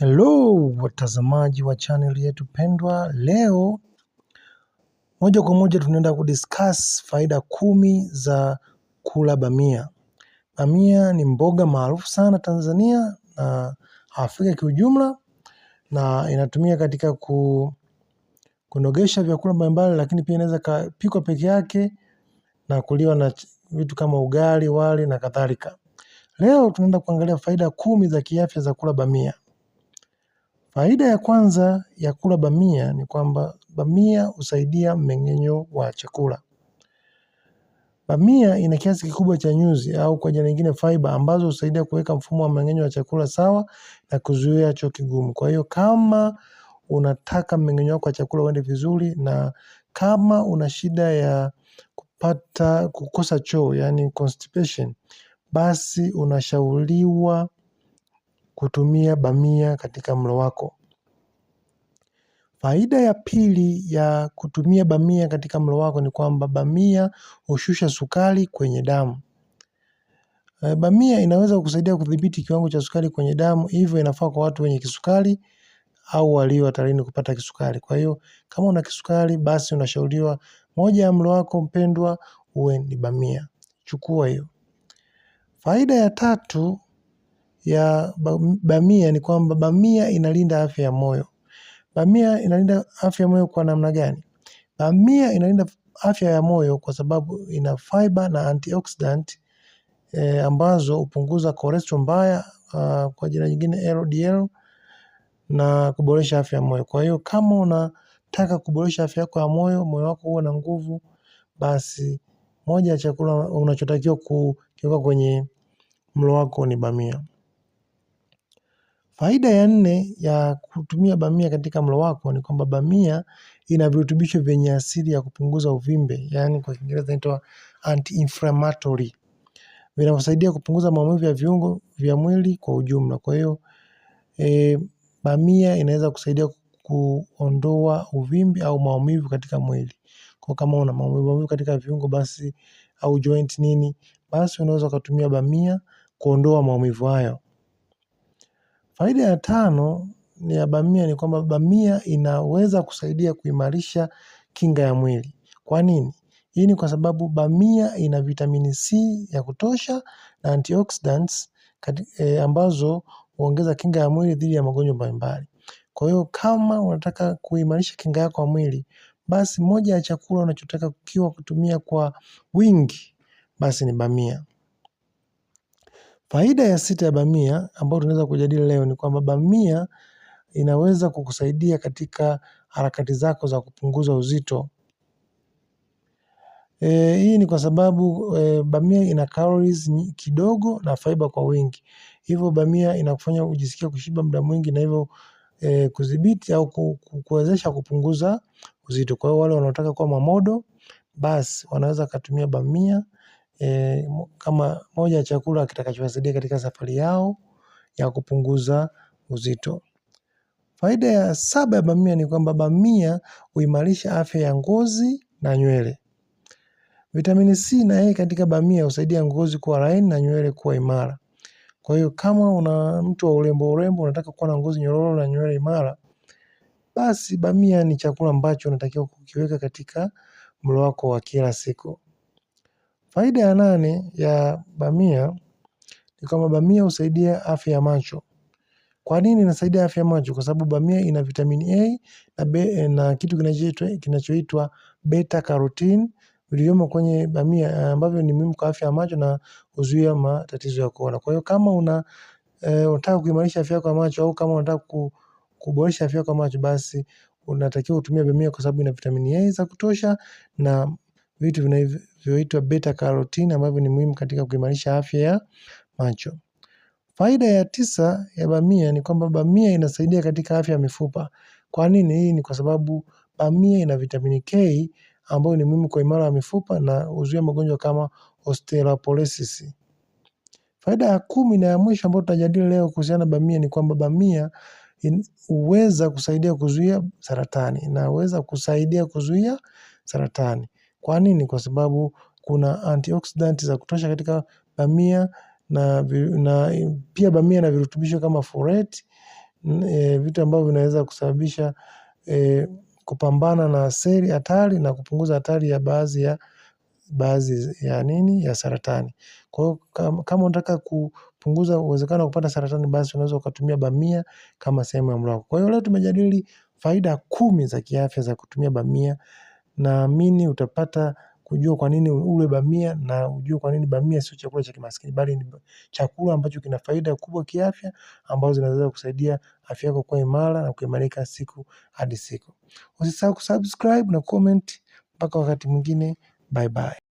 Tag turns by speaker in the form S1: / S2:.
S1: Hello watazamaji wa channel yetu pendwa, leo moja kwa moja tunaenda kudiscuss faida kumi za kula bamia. Bamia ni mboga maarufu sana Tanzania na Afrika kiujumla, na inatumia katika ku kunogesha vyakula mbalimbali, lakini pia inaweza kapikwa peke yake na kuliwa na vitu kama ugali, wali na kadhalika. Leo tunaenda kuangalia faida kumi za kiafya za kula bamia. Faida ya kwanza ya kula bamia ni kwamba bamia husaidia mmeng'enyo wa chakula. Bamia ina kiasi kikubwa cha nyuzi au kwa jina lingine fiber ambazo husaidia kuweka mfumo wa mmeng'enyo wa chakula sawa na kuzuia choo kigumu. Kwa hiyo kama unataka mmeng'enyo wako wa chakula uende vizuri na kama una shida ya kupata kukosa choo yani constipation, basi unashauriwa kutumia bamia katika mlo wako. Faida ya pili ya kutumia bamia katika mlo wako ni kwamba bamia hushusha sukari kwenye damu. Eh, bamia inaweza kusaidia kudhibiti kiwango cha sukari kwenye damu, hivyo inafaa kwa watu wenye kisukari au walio hatarini kupata kisukari. Kwa hiyo kama una kisukari, basi unashauriwa moja ya mlo wako mpendwa uwe ni bamia. Chukua hiyo. Faida ya tatu ya bamia ni kwamba bamia inalinda afya ya moyo. Bamia inalinda afya ya moyo kwa namna gani? Bamia inalinda afya ya moyo kwa sababu ina fiber na antioxidant eh, ambazo hupunguza cholesterol mbaya uh, kwa jina nyingine LDL na kuboresha afya ya moyo. Kwa hiyo kama unataka kuboresha afya yako ya moyo, moyo wako huwa na nguvu, basi moja ya chakula unachotakiwa kukiweka kwenye mlo wako ni bamia. Faida ya nne ya kutumia bamia katika mlo wako ni kwamba bamia ina virutubisho vyenye asili ya kupunguza uvimbe, yaani kwa Kiingereza inaitwa anti-inflammatory. Vinavyosaidia kupunguza maumivu ya viungo vya mwili kwa ujumla. Kwa hiyo e, bamia inaweza kusaidia kuondoa uvimbe au maumivu katika mwili. Kwa kama una maumivu maumivu katika viungo basi au joint nini, basi unaweza ukatumia bamia kuondoa maumivu hayo. Faida ya tano ni ya bamia ni kwamba bamia inaweza kusaidia kuimarisha kinga ya mwili. Kwa nini? Hii ni kwa sababu bamia ina vitamini C ya kutosha na antioxidants eh, ambazo huongeza kinga ya mwili dhidi ya magonjwa mbalimbali. Kwa hiyo kama unataka kuimarisha kinga yako ya mwili, basi moja ya chakula unachotaka kukiwa kutumia kwa wingi, basi ni bamia. Faida ya sita ya bamia ambayo tunaweza kujadili leo ni kwamba bamia inaweza kukusaidia katika harakati zako za kupunguza uzito. E, hii ni kwa sababu e, bamia ina calories kidogo na fiber kwa wingi, hivyo bamia inakufanya ujisikia kushiba muda mwingi na hivyo e, kudhibiti au kuwezesha kupunguza uzito. Kwa hiyo wale wanaotaka kuwa mamodo basi wanaweza wakatumia bamia e, kama moja ya chakula kitakachowasaidia katika safari yao ya kupunguza uzito. Faida ya saba ya bamia ni kwamba bamia huimarisha afya ya ngozi na nywele. Vitamini C na E katika bamia husaidia ngozi kuwa laini na nywele kuwa imara. Kwa hiyo kama una mtu wa urembo urembo, unataka kuwa na ngozi nyororo na nywele imara, basi bamia ni chakula ambacho unatakiwa kukiweka katika mlo wako wa kila siku. Faida ya nane ya bamia ni kwamba bamia husaidia afya ya macho. Kwa nini inasaidia afya ya macho? Kwa sababu bamia ina vitamini A na, B, eh, na kitu kinachoitwa beta carotene vilivyomo kwenye bamia eh, ambavyo ni muhimu kwa afya ya macho na huzuia matatizo ya kuona. Kwa hiyo kama una e, unataka kuimarisha afya yako ya macho au kama unataka kuboresha afya yako ya macho basi unatakiwa utumie bamia kwa sababu ina vitamini A za kutosha na vitu vinavyoitwa beta carotene ambavyo ni muhimu katika kuimarisha afya ya macho. Faida ya tisa ya bamia ni kwamba bamia inasaidia katika afya ya mifupa. Kwa nini? Hii ni kwa sababu bamia ina vitamini K ambayo ni muhimu kwa imara ya mifupa na huzuia magonjwa kama osteoporosis. Faida ya kumi na ya mwisho ambayo tutajadili leo kuhusiana na bamia ni kwamba bamia huweza kusaidia kuzuia saratani inaweza kusaidia kuzuia saratani. Kwa nini? Kwa sababu kuna antioxidant za kutosha katika bamia na pia bamia na virutubisho kama folate eh, vitu ambavyo vinaweza kusababisha eh, kupambana na seli hatari na kupunguza hatari ya baadhi ya baadhi ya nini ya saratani. Kwa hiyo kama unataka kupunguza uwezekano wa kupata saratani basi unaweza ukatumia bamia kama sehemu ya mlo wako. Kwa hiyo leo tumejadili faida kumi za kiafya za kutumia bamia naamini utapata kujua kwa nini ule bamia na ujue kwa nini bamia sio chakula cha kimaskini bali ni chakula ambacho kina faida kubwa kiafya ambazo zinaweza kusaidia afya yako kuwa imara na kuimarika siku hadi siku. Usisahau kusubscribe na comment mpaka wakati mwingine bye bye.